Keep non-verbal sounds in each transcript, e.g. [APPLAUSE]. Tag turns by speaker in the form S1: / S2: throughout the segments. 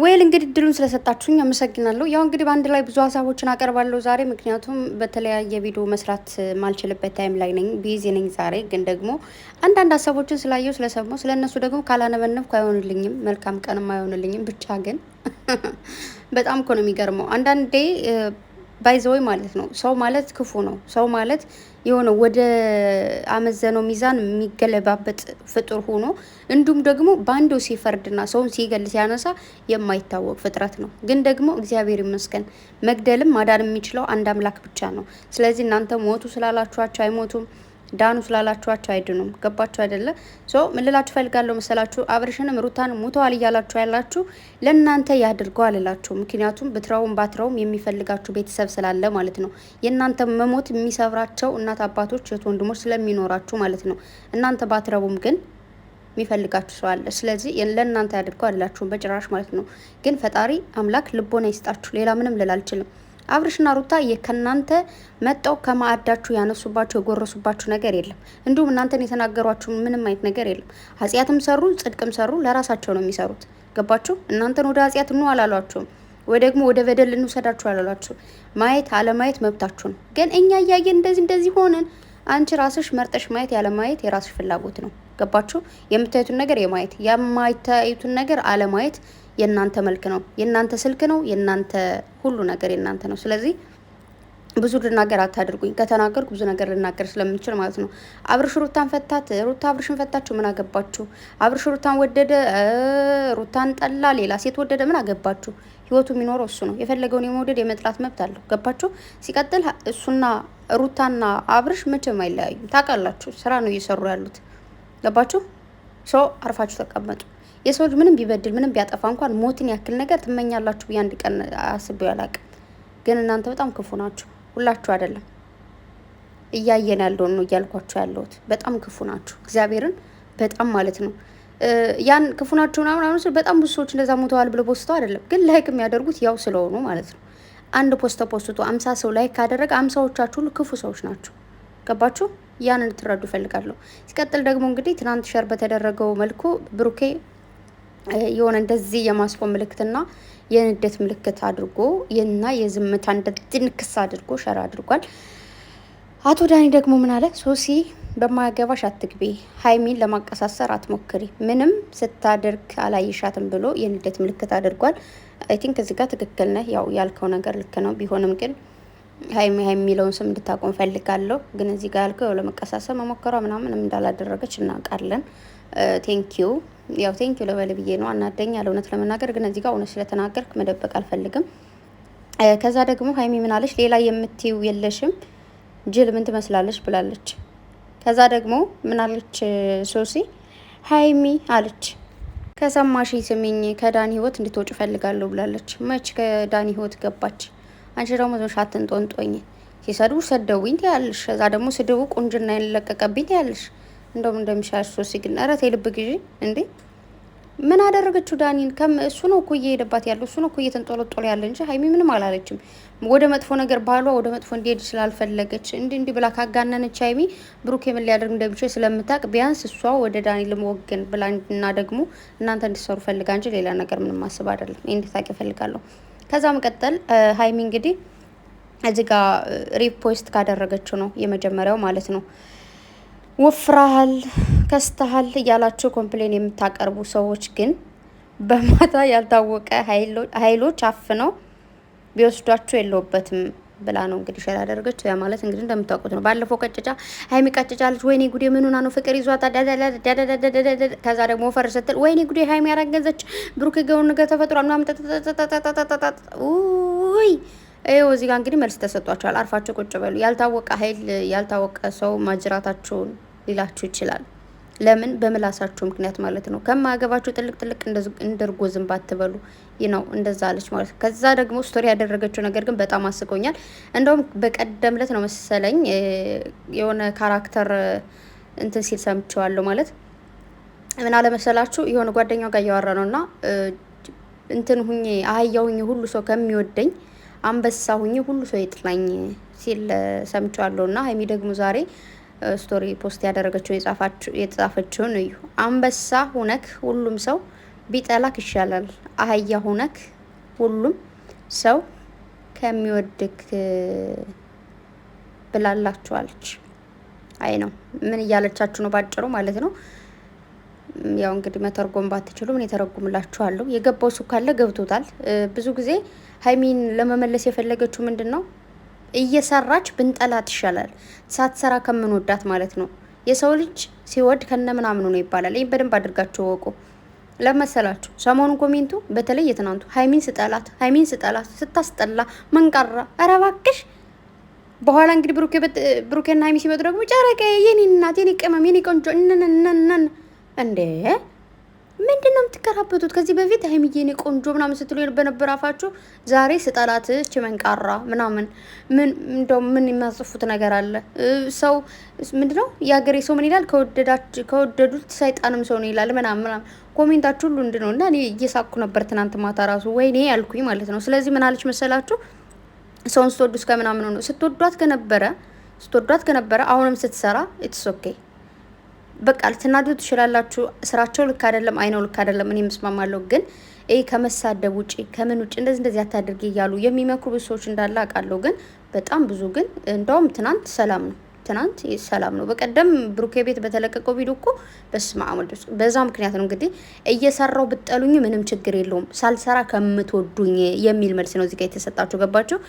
S1: ወይል እንግዲህ እድሉን ስለሰጣችሁኝ አመሰግናለሁ። ያው እንግዲህ በአንድ ላይ ብዙ ሀሳቦችን አቀርባለሁ ዛሬ፣ ምክንያቱም በተለያየ ቪዲዮ መስራት ማልችልበት ታይም ላይ ነኝ፣ ቢዚ ነኝ ዛሬ። ግን ደግሞ አንዳንድ ሀሳቦችን ስላየው ስለሰማው፣ ስለ እነሱ ደግሞ ካላነበነብኩ አይሆንልኝም፣ መልካም ቀንም አይሆንልኝም። ብቻ ግን [LAUGHS] በጣም እኮ ነው የሚገርመው አንዳንዴ ባይዘወይ ማለት ነው ሰው ማለት ክፉ ነው ሰው ማለት የሆነ ወደ አመዘነው ሚዛን የሚገለባበጥ ፍጡር ሆኖ እንዲሁም ደግሞ በአንዱ ሲፈርድና ሰውን ሲገል ሲያነሳ የማይታወቅ ፍጥረት ነው። ግን ደግሞ እግዚአብሔር ይመስገን መግደልም ማዳን የሚችለው አንድ አምላክ ብቻ ነው። ስለዚህ እናንተ ሞቱ ስላላችኋቸው አይሞቱም ዳኑ ስላላችኋቸው አይድኑም። ገባችሁ አይደለ? ሶ ምን ልላችሁ ፈልጋለሁ መሰላችሁ? አብርሽንም ሩታን ሙተዋል እያላችሁ ያላችሁ ለእናንተ ያድርገው አልላችሁ። ምክንያቱም ብትረውም ባትረውም የሚፈልጋችሁ ቤተሰብ ስላለ ማለት ነው። የእናንተ መሞት የሚሰብራቸው እናት አባቶች፣ እህት ወንድሞች ስለሚኖራችሁ ማለት ነው። እናንተ ባትረቡም ግን የሚፈልጋችሁ ሰው አለ። ስለዚህ ለእናንተ ያድርገው አልላችሁም በጭራሽ ማለት ነው። ግን ፈጣሪ አምላክ ልቦና ይስጣችሁ። ሌላ ምንም ልል አልችልም። አብርሽና ሩታ ከእናንተ መጣው ከማዕዳችሁ ያነሱባችሁ የጎረሱባችሁ ነገር የለም። እንዲሁም እናንተን የተናገሯችሁ ምንም አይነት ነገር የለም። ኃጢአትም ሰሩ ጽድቅም ሰሩ ለራሳቸው ነው የሚሰሩት። ገባችሁ? እናንተን ወደ ኃጢአት ኑ አላሏችሁም፣ ወይ ደግሞ ወደ በደል እንውሰዳችሁ አላሏችሁም። ማየት አለማየት መብታችሁ ነው። ግን እኛ እያየን እንደዚህ እንደዚህ ሆነን አንቺ ራስሽ መርጠሽ ማየት ያለማየት የራስሽ ፍላጎት ነው። ገባችሁ? የምታዩትን ነገር የማየት የማይታዩትን ነገር አለማየት የእናንተ መልክ ነው፣ የእናንተ ስልክ ነው፣ የእናንተ ሁሉ ነገር የእናንተ ነው። ስለዚህ ብዙ ልናገር አታድርጉኝ። ከተናገርኩ ብዙ ነገር ልናገር ስለምንችል ማለት ነው። አብርሽ ሩታን ፈታት፣ ሩታ አብርሽን ፈታችሁ፣ ምን አገባችሁ? አብርሽ ሩታን ወደደ፣ ሩታን ጠላ፣ ሌላ ሴት ወደደ፣ ምን አገባችሁ? ህይወቱ የሚኖረው እሱ ነው። የፈለገውን የመውደድ የመጥላት መብት አለው። ገባችሁ? ሲቀጥል እሱና ሩታና አብርሽ መቼም አይለያዩም። ታውቃላችሁ፣ ስራ ነው እየሰሩ ያሉት። ገባችሁ? ሰው አርፋችሁ ተቀመጡ። የሰው ልጅ ምንም ቢበድል ምንም ቢያጠፋ እንኳን ሞትን ያክል ነገር ትመኛላችሁ ብዬ አንድ ቀን አስቤው አላውቅም። ግን እናንተ በጣም ክፉ ናችሁ። ሁላችሁ አይደለም እያየን ያለውን ነው እያልኳችሁ ያለሁት። በጣም ክፉ ናችሁ፣ እግዚአብሔርን በጣም ማለት ነው። ያን ክፉ ናችሁ ምናምን አሁን በጣም ብዙ ሰዎች እንደዛ ሞተዋል ብለው ፖስተው አይደለም፣ ግን ላይክ የሚያደርጉት ያው ስለሆኑ ማለት ነው። አንድ ፖስተ ተፖስቶ አምሳ ሰው ላይክ ካደረገ አምሳዎቻችሁ ሁሉ ክፉ ሰዎች ናችሁ። ገባችሁ? ያን ልትረዱ እፈልጋለሁ። ሲቀጥል ደግሞ እንግዲህ ትናንት ሸር በተደረገው መልኩ ብሩኬ የሆነ እንደዚህ የማስቆም ምልክትና የንደት ምልክት አድርጎ እና የዝምታ እንደ ድንክስ አድርጎ ሸር አድርጓል። አቶ ዳኒ ደግሞ ምን አለ? ሶሲ በማያገባሽ አትግቢ፣ ሀይሚን ለማቀሳሰር አትሞክሪ፣ ምንም ስታደርግ አላይሻትም ብሎ የንደት ምልክት አድርጓል። አይ ቲንክ እዚህ ጋር ትክክል ነህ። ያው ያልከው ነገር ልክ ነው። ቢሆንም ግን ሀይሚ ሀይሚ የሚለውን ስም እንድታቆም ፈልጋለሁ። ግን እዚህ ጋር ያልከው ለመቀሳሰብ መሞከሯ ምናምን እንዳላደረገች እናውቃለን። ቴንኪዩ ያው ቴንኪዩ ለበል ብዬ ነው አናደኛ እውነት ለመናገር ግን እዚህ ጋር እውነት ስለተናገርክ መደበቅ አልፈልግም። ከዛ ደግሞ ሀይሚ ምናለች ሌላ የምትይው የለሽም ጅል ምን ትመስላለች ብላለች። ከዛ ደግሞ ምናለች ሶሲ ሀይሚ አለች ከሰማሽ ስሚኝ ከዳኒ ህይወት እንድትወጭ ፈልጋለሁ ብላለች። መች ከዳኒ ህይወት ገባች? አንቺ ደግሞ ዞ ሻትን ጦንጦኝ ሲሰድቡ ሰደቡኝ ትያለሽ። እዛ ደግሞ ስድቡ ቁንጅና የለቀቀብኝ ትያለሽ። እንደውም እንደሚሻል ሶሲ ግን ኧረ ተይ ልብ ግዢ እንዴ! ምን አደረገችው ዳኒን? ከም እሱ ነው እኮ እየሄደባት ያለው እሱ ነው እኮ እየተንጦለጦለ ያለ እንጂ ሀይሚ ምንም አላለችም። ወደ መጥፎ ነገር ባሏ ወደ መጥፎ እንዲሄድ ስላልፈለገች እንዲ እንዲ ብላ ካጋነነች ሀይሚ ብሩክ የምን ሊያደርግ እንደሚችል ስለምታውቅ ቢያንስ እሷ ወደ ዳኒ ልመወገን ብላ እና ደግሞ እናንተ እንዲሰሩ ፈልጋ እንጂ ሌላ ነገር ምንም ማስብ አይደለም። ይህን ታውቂ እፈልጋለሁ። ከዛ መቀጠል ሀይሚ እንግዲህ እዚህ ጋር ሪፖስት ካደረገችው ነው የመጀመሪያው ማለት ነው። ወፍራሃል፣ ከስተሃል እያላችሁ ኮምፕሌን የምታቀርቡ ሰዎች ግን በማታ ያልታወቀ ኃይሎች አፍነው ቢወስዷችሁ የለውበትም ብላ ነው እንግዲህ ሸር ያደረገችው። ያ ማለት እንግዲህ እንደምታውቁት ነው። ባለፈው ቀጭጫ ሀይሚ ቀጭጫለች። ወይኔ ጉዴ ምንና ነው ፍቅር ይዟታ። ከዛ ደግሞ ወፈር ስትል ወይኔ ጉዴ ሀይሚ ያረገዘች ብሩክ ገውን ነገር ተፈጥሯል ምናምን ውይ እዚህ ጋር እንግዲህ መልስ ተሰጧቸዋል። አርፋችሁ ቁጭ በሉ። ያልታወቀ ሀይል ያልታወቀ ሰው ማጅራታቸውን ሊላችሁ ይችላል። ለምን በምላሳችሁ ምክንያት ማለት ነው። ከማገባችሁ ጥልቅ ጥልቅ እንድርጎ ዝም ባትበሉ ነው እንደዛ አለች ማለት ነው። ከዛ ደግሞ ስቶሪ ያደረገችው ነገር ግን በጣም አስቆኛል። እንደውም በቀደም ዕለት ነው መሰለኝ የሆነ ካራክተር እንትን ሲል ሰምቼዋለሁ ማለት ምን አለመሰላችሁ የሆነ ጓደኛው ጋር እያወራ ነው እና እንትን ሁኜ አህያ ሁኜ ሁሉ ሰው ከሚወደኝ አንበሳ ሁኜ ሁሉ ሰው ይጥላኝ ሲል ሰምቼዋለሁ እና ሀይሚ ደግሞ ዛሬ ስቶሪ ፖስት ያደረገችው የተጻፈችውን እዩ። አንበሳ ሁነክ ሁሉም ሰው ቢጠላክ ይሻላል። አህያ ሁነክ ሁሉም ሰው ከሚወድክ ብላላችኋለች። አይ ነው ምን እያለቻችሁ ነው? ባጭሩ ማለት ነው። ያው እንግዲህ መተርጎም ባትችሉ ምን የተረጉምላችኋለሁ። የገባው ሱ ካለ ገብቶታል። ብዙ ጊዜ ሀይሚን ለመመለስ የፈለገችው ምንድን ነው እየሰራች ብንጠላት ይሻላል ሳትሰራ ከምንወዳት ማለት ነው። የሰው ልጅ ሲወድ ከነ ምናምኑ ነው ይባላል። ይህ በደንብ አድርጋችሁ ወቁ። ለመሰላችሁ ሰሞኑን ኮሜንቱ በተለይ የትናንቱ ሀይሚን ስጠላት ሀይሚን ስጠላት ስታስጠላ መንቀራ ኧረ እባክሽ። በኋላ እንግዲህ ብሩኬና ሀይሚ ሲመጡ ደግሞ ጨረቀ የኔ እናት የኔ ቅመም የኔ ቆንጆ እንነነነን እንዴ ምንድን ነው የምትከራበቱት? ከዚህ በፊት ሀይሚዬ እኔ ቆንጆ ምናምን ስትሉ በነበር አፋችሁ፣ ዛሬ ስጠላት እች መንቃራ ምናምን ምን እንደው ምን የሚያጽፉት ነገር አለ? ሰው ምንድን ነው የሀገሬ ሰው ምን ይላል? ከወደዱት ሳይጣንም ሰው ነው ይላል ምናምን ምናምን ኮሜንታችሁ ሁሉ እንድ ነው እና እኔ እየሳኩ ነበር ትናንት ማታ ራሱ ወይኔ ያልኩኝ ማለት ነው። ስለዚህ ምን አለች መሰላችሁ? ሰውን ስትወዱ እስከ ምናምን ነው ስትወዷት ከነበረ ስትወዷት ከነበረ አሁንም ስትሰራ ኢትስ ኦኬ በቃ ልትናዱ ትችላላችሁ። ስራቸው ልክ አይደለም፣ አይነው ልክ አይደለም። እኔ የምስማማለሁ ግን ይህ ከመሳደብ ውጭ ከምን ውጭ እንደዚህ እንደዚህ አታድርጊ እያሉ የሚመክሩ ብዙ ሰዎች እንዳለ አውቃለሁ። ግን በጣም ብዙ ግን እንደውም ትናንት ሰላም ነው ትናንት ሰላም ነው። በቀደም ብሩኬ ቤት በተለቀቀው ቪዲዮ እኮ በስመ አብ ወልድ በዛ ምክንያት ነው እንግዲህ እየሰራው ብጠሉኝ ምንም ችግር የለውም ሳልሰራ ከምትወዱኝ የሚል መልስ ነው እዚጋ የተሰጣቸው ገባቸው።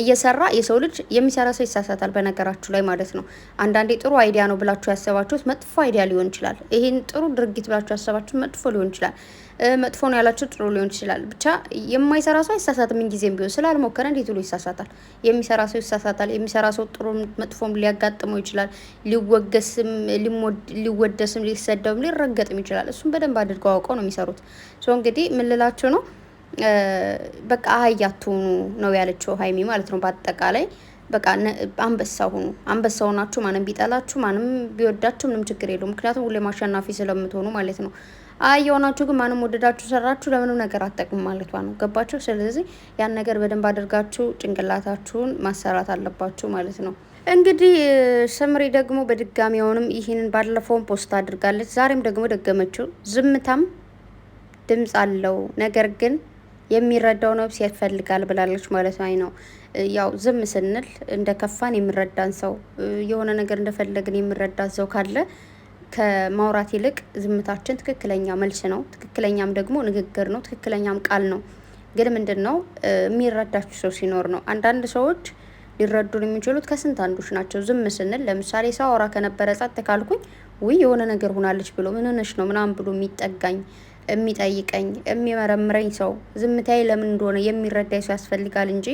S1: እየሰራ የሰው ልጅ የሚሰራ ሰው ይሳሳታል። በነገራችሁ ላይ ማለት ነው። አንዳንዴ ጥሩ አይዲያ ነው ብላችሁ ያሰባችሁት መጥፎ አይዲያ ሊሆን ይችላል። ይህን ጥሩ ድርጊት ብላችሁ ያሰባችሁት መጥፎ ሊሆን ይችላል። መጥፎ ነው ያላችሁ ጥሩ ሊሆን ይችላል። ብቻ የማይሰራ ሰው አይሳሳትም። ምንጊዜም ቢሆን ስላልሞከረ እንዴት ብሎ ይሳሳታል? የሚሰራ ሰው ይሳሳታል። የሚሰራ ሰው ጥሩ መጥፎም ሊያጋጥመው ይችላል። ሊወገስም፣ ሊወደስም፣ ሊሰደብም፣ ሊረገጥም ይችላል። እሱም በደንብ አድርገው አውቀው ነው የሚሰሩት። እንግዲህ ምን ልላችሁ ነው በቃ አህያ አትሁኑ ነው ያለችው ሀይሚ ማለት ነው። በአጠቃላይ በቃ አንበሳ ሁኑ። አንበሳ ሆናችሁ ማንም ቢጠላችሁ ማንም ቢወዳችሁ ምንም ችግር የለው ምክንያቱም ሁሌም አሸናፊ ስለምትሆኑ ማለት ነው። አህያ ሆናችሁ ግን ማንም ወደዳችሁ ሰራችሁ ለምንም ነገር አትጠቅሙ ማለቷ ነው። ገባችሁ? ስለዚህ ያን ነገር በደንብ አድርጋችሁ ጭንቅላታችሁን ማሰራት አለባችሁ ማለት ነው። እንግዲህ ሰምሪ ደግሞ በድጋሚ አሁንም ይህንን ባለፈውን ፖስት አድርጋለች። ዛሬም ደግሞ ደገመችው። ዝምታም ድምፅ አለው ነገር ግን የሚረዳው ነብስ ይፈልጋል ብላለች ማለት ነው። ያው ዝም ስንል እንደ ከፋን የሚረዳን ሰው የሆነ ነገር እንደፈለግን የሚረዳን ሰው ካለ ከማውራት ይልቅ ዝምታችን ትክክለኛ መልስ ነው። ትክክለኛም ደግሞ ንግግር ነው። ትክክለኛም ቃል ነው። ግን ምንድን ነው የሚረዳችሁ ሰው ሲኖር ነው። አንዳንድ ሰዎች ሊረዱን የሚችሉት ከስንት አንዶች ናቸው። ዝም ስንል ለምሳሌ ሳወራ ከነበረ ጸጥ ካልኩኝ ውይ የሆነ ነገር ሆናለች ብሎ ምንነሽ ነው ምናምን ብሎ የሚጠጋኝ የሚጠይቀኝ የሚመረምረኝ ሰው ዝምታዬ ለምን እንደሆነ የሚረዳኝ ሰው ያስፈልጋል እንጂ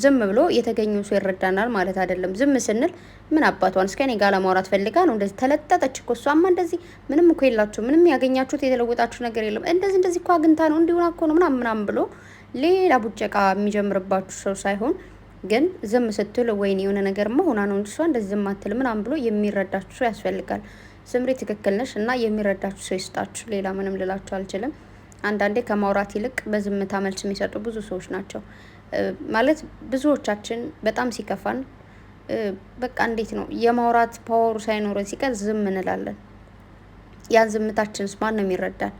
S1: ዝም ብሎ የተገኘው ሰው ይረዳናል ማለት አይደለም። ዝም ስንል ምን አባቷን እስከ እኔ ጋር ለማውራት ፈልጋ ነው እንደዚህ ተለጠጠች እኮ እሷማ። እንደዚህ ምንም እኮ የላችሁ፣ ምንም ያገኛችሁት የተለወጣችሁ ነገር የለም። እንደዚህ እንደዚህ እኮ አግኝታ ነው እንዲሆን እኮ ነው ምናምን ምናምን ብሎ ሌላ ቡጨቃ የሚጀምርባችሁ ሰው ሳይሆን ግን ዝም ስትል ወይኔ የሆነ ነገር ማ ሆና ነው እንጂ እሷ እንደዚህ ዝም አትል ምናምን ብሎ የሚረዳችሁ ሰው ያስፈልጋል። ስምሪ ትክክል ነሽ እና የሚረዳችሁ ሰው ይስጣችሁ። ሌላ ምንም ልላችሁ አልችልም። አንዳንዴ ከማውራት ይልቅ በዝምታ መልስ የሚሰጡ ብዙ ሰዎች ናቸው። ማለት ብዙዎቻችን በጣም ሲከፋን በቃ እንዴት ነው የማውራት ፓወሩ ሳይኖረን ሲቀር ዝም እንላለን። ያን ዝምታችንስ ማን ነው የሚረዳን?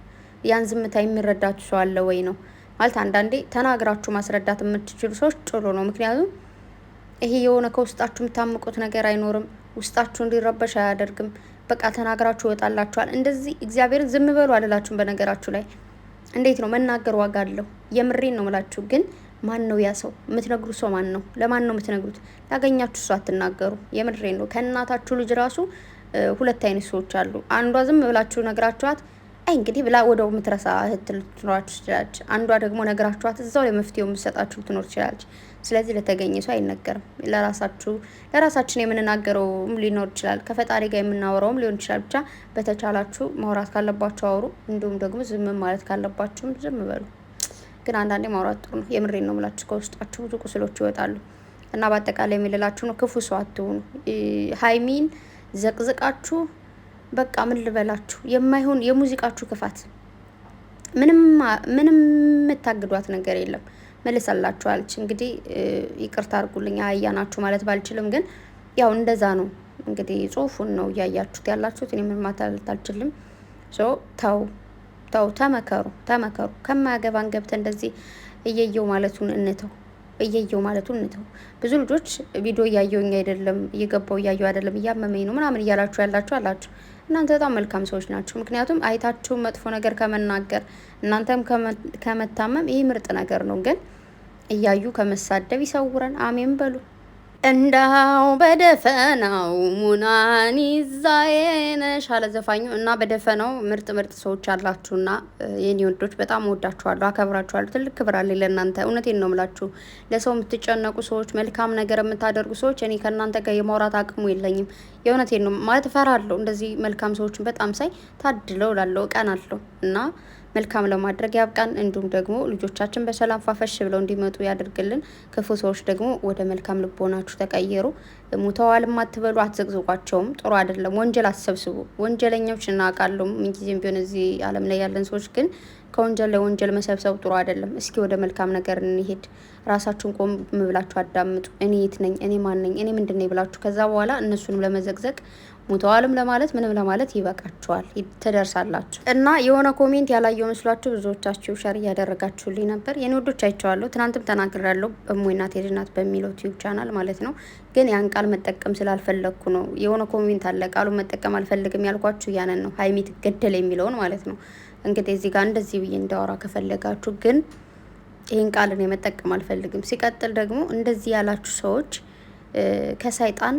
S1: ያን ዝምታ የሚረዳችሁ ሰው አለ ወይ ነው ማለት። አንዳንዴ ተናግራችሁ ማስረዳት የምትችሉ ሰዎች ጥሩ ነው። ምክንያቱም ይሄ የሆነ ከውስጣችሁ የምታምቁት ነገር አይኖርም። ውስጣችሁ እንዲረበሽ አያደርግም። በቃ ተናግራችሁ ይወጣላችኋል። እንደዚህ እግዚአብሔርን ዝም በሉ አልላችሁም። በነገራችሁ ላይ እንዴት ነው መናገር ዋጋ አለው። የምሬን ነው ምላችሁ። ግን ማን ነው ያ ሰው? የምትነግሩት ሰው ማን ነው? ለማን ነው የምትነግሩት? ላገኛችሁ ሰው አትናገሩ። የምሬን ነው። ከእናታችሁ ልጅ ራሱ ሁለት አይነት ሰዎች አሉ። አንዷ ዝም ብላችሁ ነግራችኋት አይ እንግዲህ ብላ ወደ የምትረሳ እህት ልትኖራችሁ ትችላለች። አንዷ ደግሞ ነግራችኋት እዛው ለመፍትሄው የምትሰጣችሁ ልትኖር ትችላለች። ስለዚህ ለተገኘ ሰው አይነገርም። ለራሳችሁ ለራሳችን የምንናገረውም ሊኖር ይችላል፣ ከፈጣሪ ጋር የምናወራውም ሊሆን ይችላል። ብቻ በተቻላችሁ ማውራት ካለባችሁ አውሩ፣ እንዲሁም ደግሞ ዝም ማለት ካለባችሁም ዝም በሉ። ግን አንዳንዴ ማውራት ጥሩ ነው። የምሬን ነው ምላችሁ። ከውስጣችሁ ብዙ ቁስሎች ይወጣሉ እና በአጠቃላይ የሚልላችሁ ነው ክፉ ሰው አትሆኑ። ሀይሚን ዘቅዝቃችሁ በቃ ምን ልበላችሁ፣ የማይሆን የሙዚቃችሁ ክፋት ምንም ምንም የምታግዷት ነገር የለም። መልሳላችሁ አለች። እንግዲህ ይቅርታ አርጉልኝ፣ አህያ ናችሁ ማለት ባልችልም፣ ግን ያው እንደዛ ነው እንግዲህ ጽሁፉን ነው እያያችሁት ያላችሁት። እኔ ምን ማታለት አልችልም። ተው ተው፣ ተመከሩ ተመከሩ። ከማያገባን ገብተ እንደዚህ እየየው ማለቱን እንተው እየየው ማለቱን እንተው። ብዙ ልጆች ቪዲዮ እያየውኝ አይደለም እየገባው እያየው አይደለም እያመመኝ ነው ምናምን እያላችሁ ያላችሁ አላችሁ እናንተ በጣም መልካም ሰዎች ናችሁ። ምክንያቱም አይታችሁ መጥፎ ነገር ከመናገር እናንተም ከመታመም ይህ ምርጥ ነገር ነው። ግን እያዩ ከመሳደብ ይሰውረን። አሜን በሉ። እንዳው በደፈናው ሙናን ይዛየነሽ አለ ዘፋኙ። እና በደፈናው ምርጥ ምርጥ ሰዎች አላችሁና የኔ ወንዶች በጣም ወዳችኋለሁ፣ አከብራችኋለሁ። ትልቅ ክብር አለ ለእናንተ። እውነቴን ነው ምላችሁ፣ ለሰው የምትጨነቁ ሰዎች፣ መልካም ነገር የምታደርጉ ሰዎች እኔ ከእናንተ ጋር የማውራት አቅሙ የለኝም። የእውነቴን ነው ማለት እፈራለሁ። እንደዚህ መልካም ሰዎችን በጣም ሳይ ታድለው ላለው ቀን አለው እና መልካም ለማድረግ ያብቃን። እንዲሁም ደግሞ ልጆቻችን በሰላም ፋፈሽ ብለው እንዲመጡ ያደርግልን። ክፉ ሰዎች ደግሞ ወደ መልካም ልቦናችሁ ተቀየሩ። ሙተዋልም አትበሉ፣ አትዘቅዝቋቸውም። ጥሩ አይደለም። ወንጀል አትሰብስቡ። ወንጀለኞች እናውቃለሁ፣ ምንጊዜም ቢሆን እዚህ ዓለም ላይ ያለን ሰዎች ግን ከወንጀል ለወንጀል መሰብሰብ ጥሩ አይደለም። እስኪ ወደ መልካም ነገር እንሄድ። ራሳችሁን ቆም ብላችሁ አዳምጡ። እኔ የት ነኝ? እኔ ማን ነኝ? እኔ ምንድን ነኝ ብላችሁ ከዛ በኋላ እነሱንም ለመዘግዘግ ሙተዋልም ለማለት ምንም ለማለት ይበቃችኋል፣ ትደርሳላችሁ። እና የሆነ ኮሜንት ያላየው መስሏችሁ ብዙዎቻችሁ ሸር እያደረጋችሁልኝ ነበር። የኔ ወዶች አይቼዋለሁ። ትናንትም ተናግሬያለሁ፣ እሙና ቴዲ በሚለው ዩቲዩብ ቻናል ማለት ነው። ግን ያን ቃል መጠቀም ስላልፈለግኩ ነው። የሆነ ኮሜንት አለ፣ ቃሉ መጠቀም አልፈልግም ያልኳችሁ ያንን ነው፣ ሀይሚ ትገደል የሚለውን ማለት ነው። እንግዲህ እዚህ ጋር እንደዚህ ብዬ እንዳወራ ከፈለጋችሁ ግን ይህን ቃልን የመጠቀም አልፈልግም። ሲቀጥል ደግሞ እንደዚህ ያላችሁ ሰዎች ከሰይጣን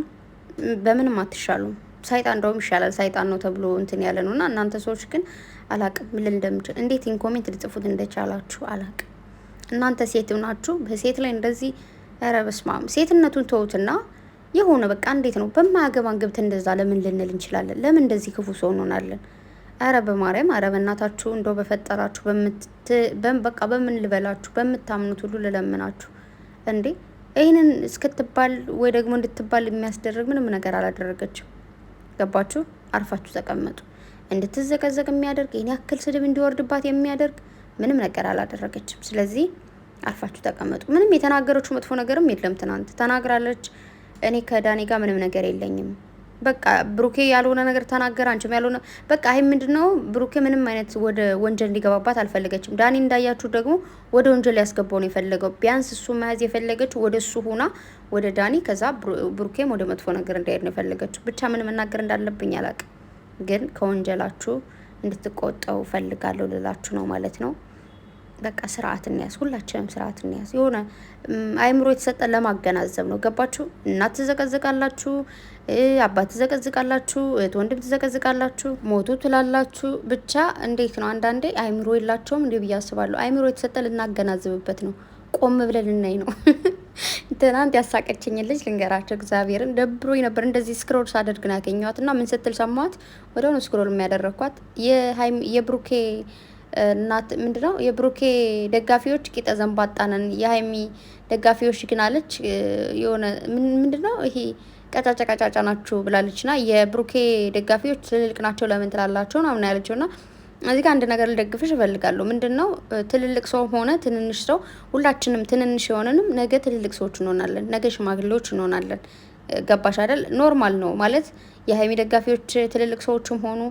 S1: በምንም አትሻሉም። ሰይጣን እንደውም ይሻላል ሰይጣን ነው ተብሎ እንትን ያለ ነው እና እናንተ ሰዎች ግን አላቅም ምልል እንደምችል እንዴት ኢንኮሜንት ልጽፉት እንደቻላችሁ አላቅ እናንተ ሴት ናችሁ፣ በሴት ላይ እንደዚህ ኧረ በስመ አብ። ሴትነቱን ተውትና የሆነ በቃ እንዴት ነው በማያገባን ግብት እንደዛ ለምን ልንል እንችላለን? ለምን እንደዚህ ክፉ ሰው እንሆናለን? አረ በማርያም አረ በእናታችሁ እንደው በፈጠራችሁ በቃ በምን ልበላችሁ በምታምኑት ሁሉ ልለምናችሁ እንዴ! ይህንን እስክትባል ወይ ደግሞ እንድትባል የሚያስደርግ ምንም ነገር አላደረገችም። ገባችሁ? አርፋችሁ ተቀመጡ። እንድትዘቀዘቅ የሚያደርግ ይህን ያክል ስድብ እንዲወርድባት የሚያደርግ ምንም ነገር አላደረገችም። ስለዚህ አርፋችሁ ተቀመጡ። ምንም የተናገረችው መጥፎ ነገርም የለም። ትናንት ተናግራለች። እኔ ከዳኔ ጋር ምንም ነገር የለኝም በቃ ብሩኬ ያልሆነ ነገር ተናገረ፣ አንቺም ያልሆነ በቃ ይሄ ምንድነው? ብሩኬ ምንም አይነት ወደ ወንጀል እንዲገባባት አልፈለገችም። ዳኒ እንዳያችሁ ደግሞ ወደ ወንጀል ያስገባው ነው የፈለገው። ቢያንስ እሱ መያዝ የፈለገች ወደ እሱ ሁና ወደ ዳኒ፣ ከዛ ብሩኬም ወደ መጥፎ ነገር እንዳይሄድ ነው የፈለገችው። ብቻ ምን መናገር እንዳለብኝ አላቅም፣ ግን ከወንጀላችሁ እንድትቆጠው ፈልጋለሁ ልላችሁ ነው ማለት ነው። በቃ ስርዓት እንያዝ፣ ሁላችንም ስርዓት እንያዝ። የሆነ አይምሮ የተሰጠ ለማገናዘብ ነው ገባችሁ? እናትዘቀዘቃላችሁ አባት ትዘቀዝቃላችሁ፣ እህት ወንድም ትዘቀዝቃላችሁ፣ ሞቱ ትላላችሁ። ብቻ እንዴት ነው አንዳንዴ አይምሮ የላቸውም እንዲ ብዬ አስባለሁ። አይምሮ የተሰጠ ልናገናዝብበት ነው፣ ቆም ብለን ልናይ ነው። [LAUGHS] ትናንት ያሳቀችኝ ልጅ ልንገራቸው፣ እግዚአብሔርን ደብሮ ነበር። እንደዚህ ስክሮል ሳደርግ ነው ያገኘኋት እና ምን ስትል ሰማኋት፣ ወደሆነ ስክሮል የሚያደረግኳት የብሩኬ እናት ምንድነው የብሩኬ ደጋፊዎች ቂጠ ዘንባጣ ነን፣ የሀይሚ ደጋፊዎች ግን አለች የሆነ ምንድነው ይሄ ቀጫጫ ቀጫጫ ናችሁ ብላለች። ና የብሩኬ ደጋፊዎች ትልልቅ ናቸው ለምን ትላላቸው ምናምን ያለችው ና እዚህ ጋር አንድ ነገር ልደግፍሽ እፈልጋለሁ። ምንድን ነው ትልልቅ ሰው ሆነ ትንንሽ ሰው ሁላችንም ትንንሽ የሆነንም ነገ ትልልቅ ሰዎች እንሆናለን፣ ነገ ሽማግሌዎች እንሆናለን። ገባሽ አይደል? ኖርማል ነው ማለት የሀይሚ ደጋፊዎች ትልልቅ ሰዎችም ሆኑ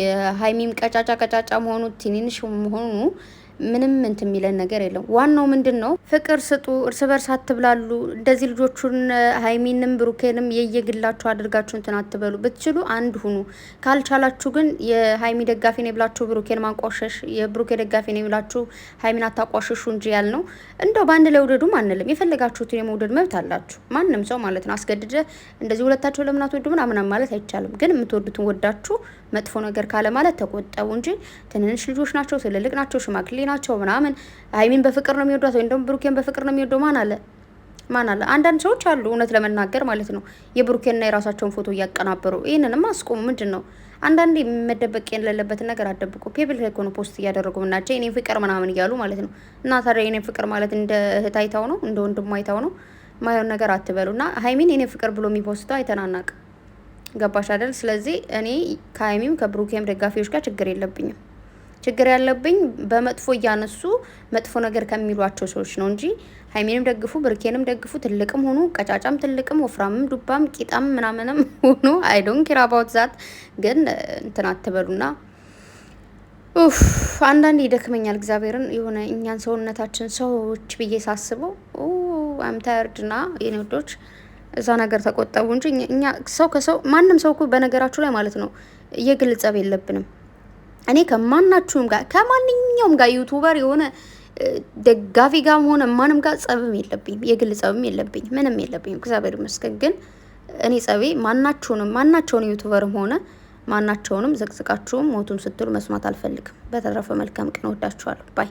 S1: የሀይሚም ቀጫጫ ቀጫጫ መሆኑ ትንንሽ መሆኑ ምንም እንትን የሚለን ነገር የለም። ዋናው ምንድን ነው ፍቅር ስጡ፣ እርስ በርስ አትብላሉ። እንደዚህ ልጆቹን ሀይሚንም ብሩኬንም የየግላችሁ አድርጋችሁ እንትን አትበሉ። ብትችሉ አንድ ሁኑ። ካልቻላችሁ ግን የሀይሚ ደጋፊ ነው ብላችሁ ብሩኬን ማንቋሸሽ፣ የብሩኬ ደጋፊ ነው ብላችሁ ሀይሚን አታቋሸሹ እንጂ ያልነው እንደው በአንድ ላይ ውደዱም አንልም። የፈለጋችሁትን የመውደድ መብት አላችሁ፣ ማንም ሰው ማለት ነው። አስገድደ እንደዚህ ሁለታቸው ለምን አትወዱ ምናምን ማለት አይቻልም። ግን የምትወዱትን ወዳችሁ መጥፎ ነገር ካለ ማለት ተቆጠቡ እንጂ ትንንሽ ልጆች ናቸው፣ ትልልቅ ናቸው፣ ሽማግሌ ናቸው ምናምን ሀይሚን በፍቅር ነው የሚወዷት ወይም ደግሞ ብሩኬን በፍቅር ነው የሚወደው ማን አለ ማን አለ? አንዳንድ ሰዎች አሉ እውነት ለመናገር ማለት ነው የብሩኬንና የራሳቸውን ፎቶ እያቀናበሩ ይህንንም አስቁሙ ምንድን ነው አንዳንዴ መደበቅ የሌለበትን ነገር አደብቁ። ፔብል ላይ እኮ ፖስት እያደረጉ ምናቸው የኔ ፍቅር ምናምን እያሉ ማለት ነው። እና ታዲያ የኔ ፍቅር ማለት እንደ እህት አይታው ነው እንደ ወንድም አይታው ነው ማየውን ነገር አትበሉ። እና ሀይሚን የኔ ፍቅር ብሎ የሚፖስተው አይተናናቅ ገባሽ አይደል? ስለዚህ እኔ ከሀይሚም ከብሩኬም ደጋፊዎች ጋር ችግር የለብኝም። ችግር ያለብኝ በመጥፎ እያነሱ መጥፎ ነገር ከሚሏቸው ሰዎች ነው እንጂ ሀይሜንም ደግፉ፣ ብርኬንም ደግፉ። ትልቅም ሆኑ ቀጫጫም፣ ትልቅም፣ ወፍራምም፣ ዱባም፣ ቂጣም ምናምንም ሆኑ አይዶን ኪራባውት ዛት ግን እንትን አትበሉና ኡፍ አንዳንድ ይደክመኛል። እግዚአብሔርን የሆነ እኛን ሰውነታችን ሰዎች ብዬ ሳስበው አምታርድና የኔወዶች እዛ ነገር ተቆጠቡ እንጂ እኛ ሰው ከሰው ማንም ሰው እኮ በነገራችሁ ላይ ማለት ነው የግል ጸብ የለብንም። እኔ ከማናችሁም ጋር ከማንኛውም ጋር ዩቱበር የሆነ ደጋፊ ጋርም ሆነ ማንም ጋር ጸብም የለብኝም፣ የግል ጸብም የለብኝም፣ ምንም የለብኝም። እግዚአብሔር ይመስገን። ግን እኔ ጸቤ ማናቸውንም ማናቸውን ዩቱበርም ሆነ ማናቸውንም ዘቅዝቃችሁም ሞቱን ስትሉ መስማት አልፈልግም። በተረፈ መልካም ቀን፣ ወዳችኋለሁ ባይ